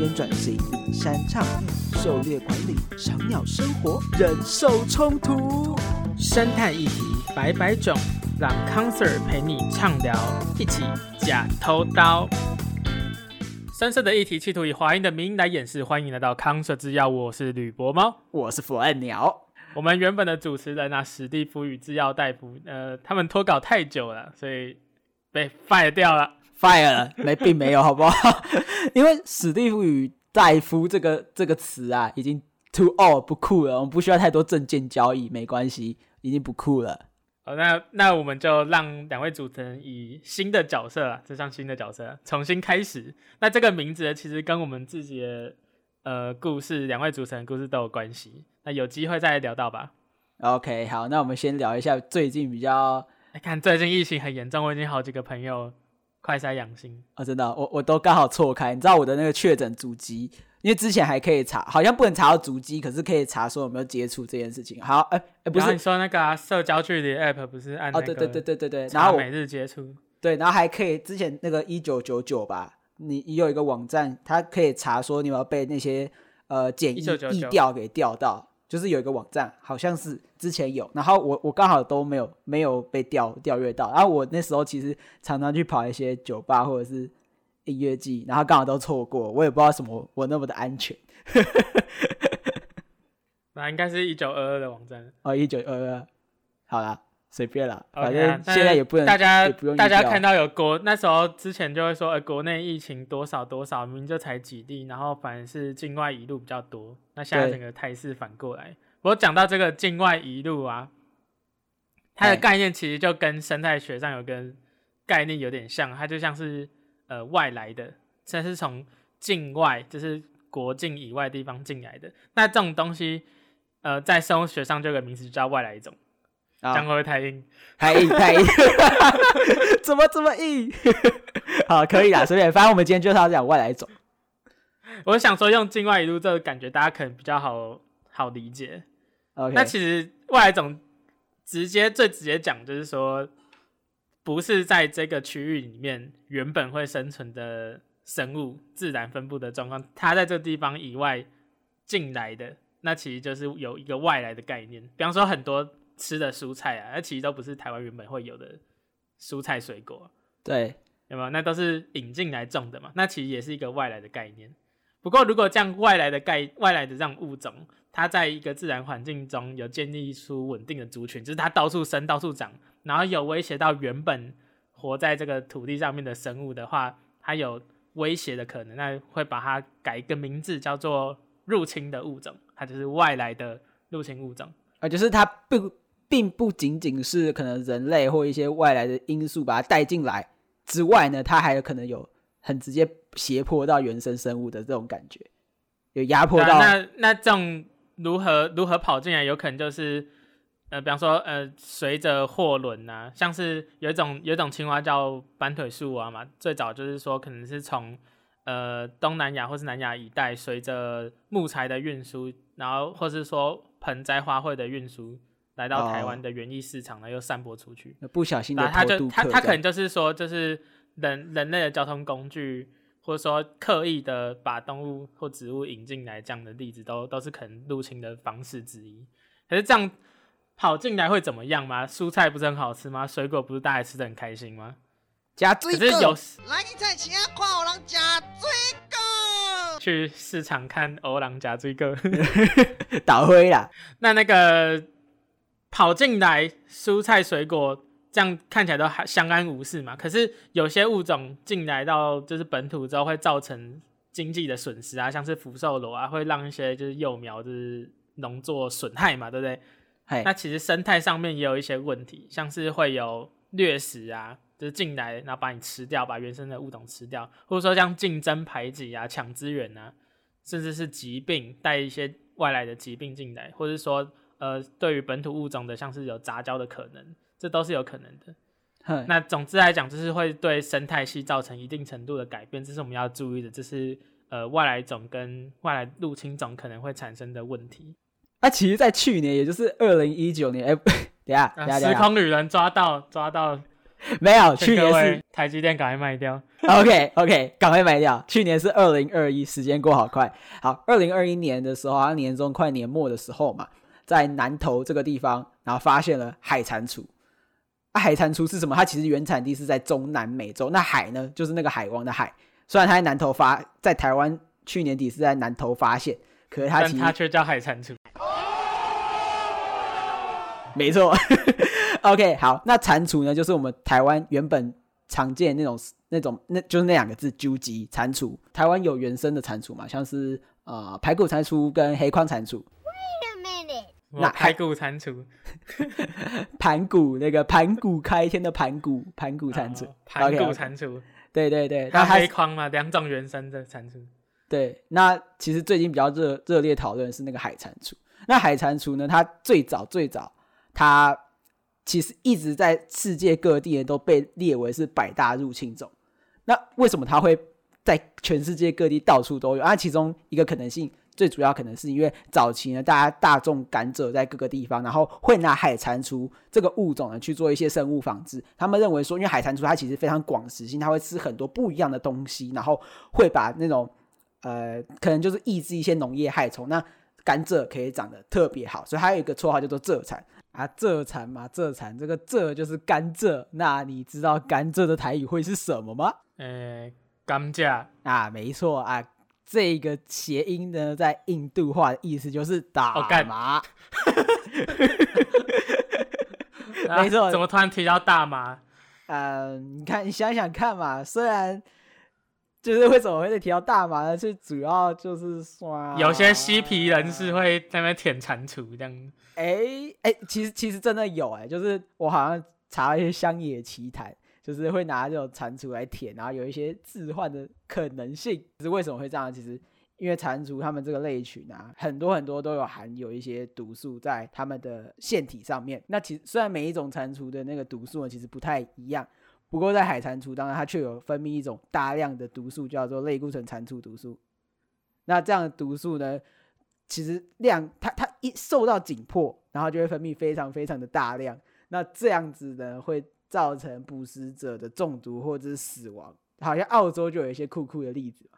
邊轉型、山唱、狩獵管理、賞鳥生活、人獸衝突、生態議題，百百種，讓康 Sir 陪你暢聊，一起呷土豆。深色的議題企圖以華英的名義來掩飾。歡迎來到康 Sir 制藥，我是呂博貓，我是弗愛鳥。 我們原本的主持人呢、啊，史蒂夫與制藥大夫，呃，他們脫稿太久了，所以被廢掉了。Fire，了沒，並沒有好不好？ 因為史蒂夫與戴夫這個這個詞啊，已經 too old 不酷了。我們不需要太多證件交易，沒關係，已經不酷了。好，那那我們就讓兩位主持人以新的角色，就像新的角色重新開始。那這個名字其實跟我們自己的呃故事，兩位主持人的故事都有關係。那有機會再來聊到吧。OK，好，那我們先聊一下最近比較。你看最近疫情很嚴重，我已經好幾個朋友。快篩陽性，啊、哦，真的，我我都剛好錯開。你知道我的那個確診足跡，因為之前還可以查，好像不能查到足跡，可是可以查說有沒有接觸這件事情。好，哎、欸欸、不是，你說那個、啊、社交距離 app 不是按、那個、哦，對對對對對對，然後每日接觸，對，然後還可以之前那個一九九九吧，你你有一個網站，它可以查說你有沒有被那些呃檢疫調給調到。就是有一個網站，好像是之前有，然後我我剛好都沒有沒有被調調閱到，然、啊、後我那時候其實常常去跑一些酒吧或者是音樂祭，然後剛好都錯過，我也不知道為什麼我那麼的安全，那 應該是一九二二的網站哦，一九二二，好啦。隨便啦，okay，反正現在也不能，大家不用，大家看到有國，那時候之前就會說，呃，國內疫情多少多少，明明就才幾例，然後反而是境外移入比較多。那現在整個態勢反過來，我講到這個境外移入啊，它的概念其實就跟生態學上有個概念有點像，它就像是呃外來的，這是從境外就是國境以外的地方進來的。那這種東西呃在生物學上就有個名詞叫外來一種。啊，這樣會不會太硬，太硬 太硬， 怎麼這麼硬？ 好，可以啦，隨便。反正我們今天就是要講外來種。我想說用“境外移入”，這個感覺，大家可能比較好好理解。Okay. 那其實外來種直接最直接講，就是說不是在這個區域裡面原本會生存的生物，自然分布的狀況，它在這個地方以外進來的，那其實就是有一個外來的概念。比方說很多。吃的蔬菜啊，那其實都不是台灣原本會有的蔬菜水果，啊，對，有沒有？那都是引進來種的嘛，那其實也是一個外來的概念。不過，如果這樣外來的概外來的這樣物種，它在一個自然環境中有建立出穩定的族群，就是它到處生到處長，然後有威脅到原本活在這個土地上面的生物的話，它有威脅的可能，那會把它改一個名字叫做入侵的物種，它就是外來的入侵物種，而、啊、就是它不。並不僅僅是可能人類或一些外來的因素把它帶進來之外呢，它還有可能有很直接脅迫到原生生物的這種感覺，有壓迫到、啊。那那這種如何如何跑進來，有可能就是呃，比方說呃，隨着貨輪啊，像是有一種有一種青蛙叫斑腿樹蛙嘛，最早就是說可能是從呃東南亞或是南亞一帶，隨着木材的運輸，然後或是說盆栽花卉的運輸。來到台灣的園藝市場呢，又散播出去。Oh. 然後出去，那不小心的偷渡客，他就他他可能就是說，就是人人類的交通工具，或者說刻意的把動物或植物引進來，這樣的例子，都都是可能入侵的方式之一。可是這樣跑進來會怎麼樣嗎？蔬菜不是很好吃嗎？水果不是大家吃得很開心嗎？夾追哥，來你一菜請阿誇歐郎夾追去市場看歐郎夾追哥，搗 灰 啦！那那個。跑進來蔬菜水果，這樣看起來都還相安無事嘛。可是有些物種進來到就是本土之後，會造成經濟的損失啊，像是福壽螺啊，會讓一些就是幼苗就是農作損害嘛，對不對？那其實生態上面也有一些問題，像是會有掠食啊，就是進來然後把你吃掉，把原生的物種吃掉，或者說像競爭排擠啊、搶資源啊，甚至是疾病，帶一些外來的疾病進來，或者說。呃，對於本土物種的，像是有雜交的可能，這都是有可能的。那總之來講，就是會對生態系造成一定程度的改變，這是我們要注意的，就是呃外來種跟外來入侵種可能會產生的問題。那、啊、其實在去年，也就是二零一九年，哎、欸，等下、呃、等下，時空旅人抓到抓到沒有？去年是台積電趕快賣掉，OK OK，趕快賣掉。去年是二零二一，時間過好快。好，二零二一年的時候，年中，快年末的時候嘛。在南投這個地方，然後發現了海蟾蜍。啊，海蟾蜍是什麼？它其實原產地是在中南美洲。那海呢，就是那個海王的海。雖然它在南投發，在台灣去年底是在南投發現，可是它其實它卻叫海蟾蜍。沒錯 ，OK，好。那蟾蜍呢，就是我們台灣原本常見那種那種，那，種那就是那兩個字——鳩集蟾蜍。台灣有原生的蟾蜍嘛？像是呃排骨蟾蜍跟黑眶蟾蜍。排骨蟾蜍那海 盤古蟾蜍，盤古那個盤古開天的盤古，盤古蟾蜍，盤 古蟾蜍，對對對，它黑眶嘛，兩種原生的蟾蜍。對，那其實最近比較熱熱烈討論的是那個海蟾蜍。那海蟾蜍呢，它最早最早，它其實一直在世界各地都被列為是百大入侵種。那為什麼它會在全世界各地到處都有？啊，其中一個可能性。最主要可能是因為早期呢，大家大種甘蔗在各個地方，然後會拿海蟾蜍這個物種呢去做一些生物防治。他們認為說，因為海蟾蜍它其實非常廣食性，它會吃很多不一樣的東西，然後會把那種呃，可能就是抑制一些農業害蟲。那甘蔗可以長得特別好，所以還有一個綽號叫做蔗蟾啊，蔗蟾嘛，蔗蟾，這個蔗就是甘蔗。那你知道甘蔗的台語會是什麼嗎？呃，甘蔗啊，沒錯啊。這個諧音呢，在印度話的意思就是大麻，沒、哦、錯、 啊。怎麼突然提到大麻？嗯，你看，你想想看嘛。雖然就是為什麼會提到大麻呢？最主要就是說，有些嬉皮人士會在那邊舔蟾蜍這樣。哎、欸、哎、欸，其實其實真的有哎、欸，就是我好像查了一些鄉野奇談。就是會拿這種蟾蜍來舔，然後有一些致幻的可能性，是為什麼會這樣？其實因為蟾蜍它們這個類群啊，很多很多都有含有一些毒素在它們的腺體上面。那其實雖然每一種蟾蜍的那個毒素呢，其實不太一樣，不過在海蟾蜍當中它卻有分泌一種大量的毒素，叫做類固醇蟾蜍毒素。那這樣的毒素呢，其實量它它一受到緊迫，然後就會分泌非常非常的大量。那這樣子呢，會。造成捕食者的中毒或者是死亡，好像澳洲就有一些酷酷的例子。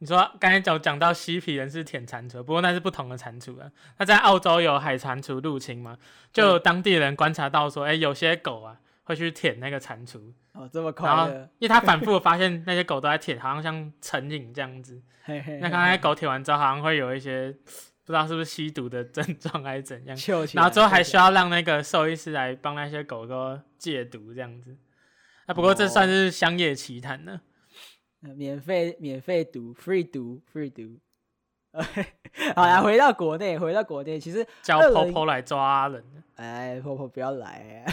你說剛才講講到嬉皮人士舔蟾蜍，不過那是不同的蟾蜍啊。那在澳洲有海蟾蜍入侵嗎？就當地人觀察到說，哎、嗯欸，有些狗啊會去舔那個蟾蜍。哦，這麼快的？因為他反復發現那些狗都在舔， 好像像成癮這樣子。嘿嘿嘿嘿，那剛才狗舔完之後，好像會有一些。不知道是不是吸毒的症狀還是怎樣，然後之後還需要讓那個獸醫師來幫那些狗狗戒毒這樣子。啊，不過這算是鄉野奇談呢、哦。免費免費毒，free 毒 free 毒。Free 毒 okay，好啦、嗯，回到國內，回到國內，其實叫婆婆來抓人。哎，婆婆不要來、啊。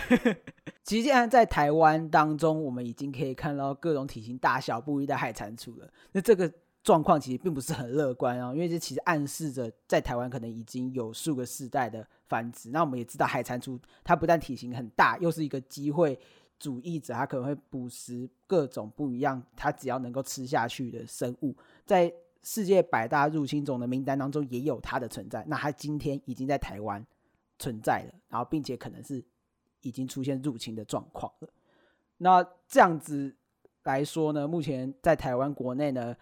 其實現在在台灣當中，我們已經可以看到各種體型大小不一的海蟾蜍了。那這個。狀況其實並不是很樂觀啊，因為這其實暗示着在台灣可能已經有數個世代的繁殖。那我們也知道海蟾蜍，它不但體型很大，又是一個機會主義者，它可能會捕食各種不一樣，它只要能夠吃下去的生物。在世界百大入侵種的名單當中也有它的存在。那它今天已經在台灣存在了，然後並且可能是已經出現入侵的狀況了。那這樣子來說呢，目前在台灣國內呢，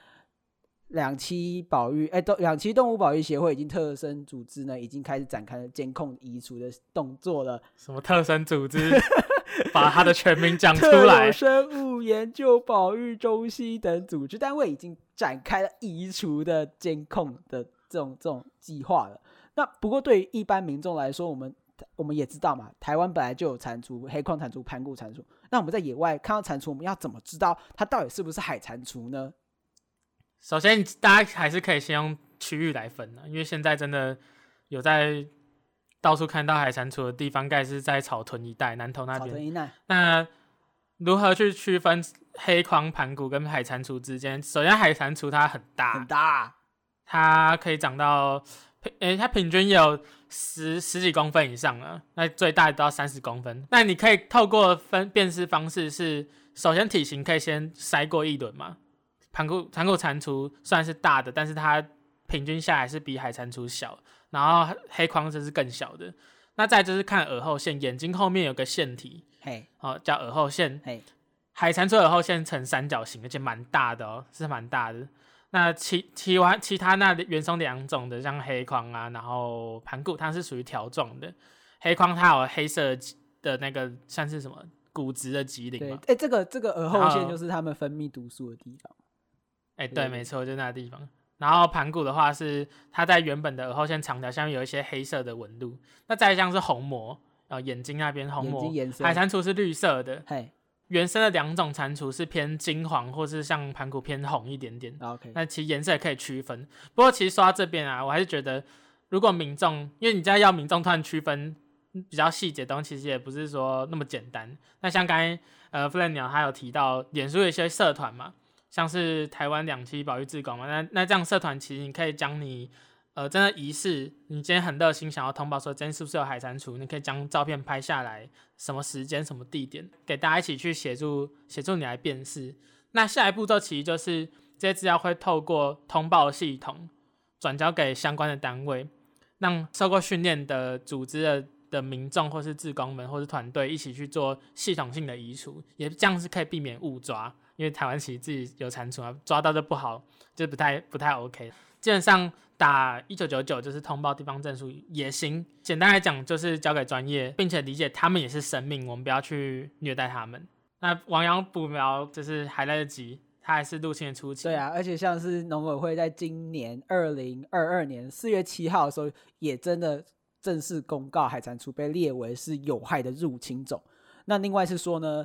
兩棲保育，哎、欸，動兩棲動物保育協會已經特生組織呢，已經開始展開了監控移除的動作了。什麼特生組織 ？把它的全名講出來。特有生物研究保育中心等組織單位已經展開了移除的監控的這種這種計劃了。那不過對於一般民眾來說，我們我們也知道嘛，台灣本來就有蟾蜍、黑眶蟾蜍、盤古蟾蜍。那我們在野外看到蟾蜍，我們要怎麼知道它到底是不是海蟾蜍呢？首先，大家還是可以先用區域來分的。啊，因為現在真的有在到處看到海蟾蜍的地方，蓋是在草屯一帶，南投那邊。那如何去區分黑眶盤古跟海蟾蜍之間？首先，海蟾蜍它很大，很大。啊，它可以長到，誒、欸，它平均有十十幾公分以上了。啊，那最大到三十公分。那你可以透過分辨識方式是，首先體型可以先篩過一輪嘛。盤古盤古蟾蜍算是大的，但是它平均下來是比海蟾蜍小，然後黑眶則是更小的。那再就是看耳後腺，眼睛後面有個腺體，hey. 哦叫耳後腺，hey. 海蟾蜍耳後腺呈三角形，而且蠻大的哦，是蠻大的。那其其完其他那原生兩種的，像黑眶啊，然後盤古它是屬於條狀的，黑眶它有黑色的那個像是什麼骨質的棘鱗嘛？哎，這個這個耳後腺就是它們分泌毒素的地方。哎、欸，對，嗯、沒錯，就是、那個地方。然後盤古的話是它在原本的耳後線長條下面有一些黑色的紋路。那再像是虹膜，然、呃、後眼睛那邊虹膜，海蟾蜍是綠色的。嘿，原生的兩種蟾蜍是偏金黃，或是像盤古偏紅一點點。啊、OK，那其實顏色也可以區分。不過其實說到這邊啊，我還是覺得，如果民眾，因為你知道要民眾突然區分比較細節的東西，其實也不是說那麼簡單。那像剛才呃 Fly 鳥他有提到臉書有一些社團嘛？像是台灣兩棲保育志工嘛，那那這樣社團其實你可以將你，呃，真的疑似。你今天很熱心想要通報說，今天是不是有海蟾蜍，你可以將照片拍下來，什麼時間什麼地點，給大家一起去協助協助你來辨識。那下一步驟其實就是這些資料會透過通報系統轉交給相關的單位，讓受過訓練的組織的的民眾或是志工們或是團隊一起去做系統性的移除，也這樣是可以避免誤抓。因為台灣其實自己有蟾蜍啊，抓到的不好就不太不太 OK。基本上打一九九九就是通報地方政府也行，簡單來講就是交給專業，並且理解他們也是生命，我們不要去虐待他們。那亡羊補牢就是還來得及，它還是入侵的初期。對啊，而且像是農委會在今年二零二二年四月七號的時候，也真的正式公告海蟾蜍被列為是有害的入侵種。那另外是說呢？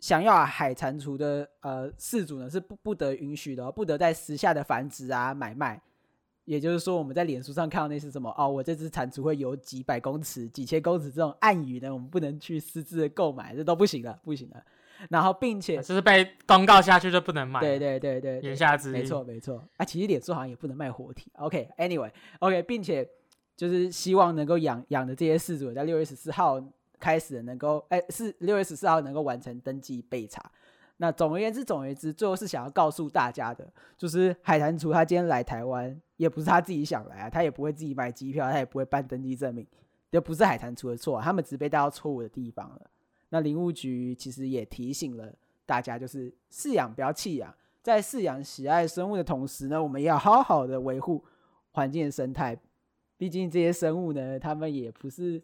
想要、啊、海蟾蜍的呃飼主呢是不不得允許的，不得在私下的繁殖啊買賣。也就是說，我們在臉書上看到那些什麼哦，我這隻蟾蜍會游幾百公尺、幾千公尺這種暗語呢，我們不能去私自的購買，這都不行了，不行了。然後並且、啊、就是被公告下去就不能買。對，對對對對，言下之意，沒錯沒錯啊。其實臉書好像也不能賣活體。OK，Anyway，OK，okay, okay, 並且就是希望能夠養養的這些飼主在六月十四號開始能夠哎、欸，是六月十四號能夠完成登記備查。那總而言之，總而言之，最後是想要告訴大家的，就是海蟾蜍他今天來台灣，也不是他自己想來啊，他也不會自己買機票，他也不會辦登記證明，這不是海蟾蜍的錯、啊，他們只被帶到錯誤的地方了。那林務局其實也提醒了大家，就是飼養不要棄養，在飼養喜愛生物的同時呢，我們也要好好的維護環境的生態，畢竟這些生物呢，他們也不是。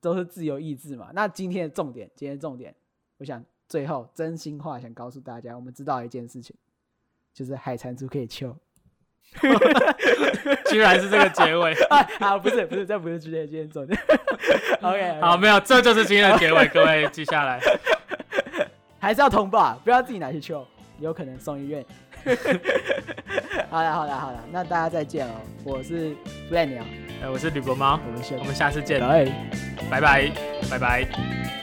都是自由意志嘛。那今天的重點，今天的重點，我想最後真心話想告訴大家，我們知道一件事情，就是海蟾蜍可以揪 居然是這個結尾 啊！不是不是，這不是今天今天重點。 okay, OK，好，沒有，這就是今天的結尾， Okay . 各位記下來。還是要通報、啊，不要自己拿去揪有可能送醫院。 好了好了好了，那大家再見哦，我是 Renny 啊。哎、呃，我是呂國貓，我們下次見，拜拜，拜拜，拜拜。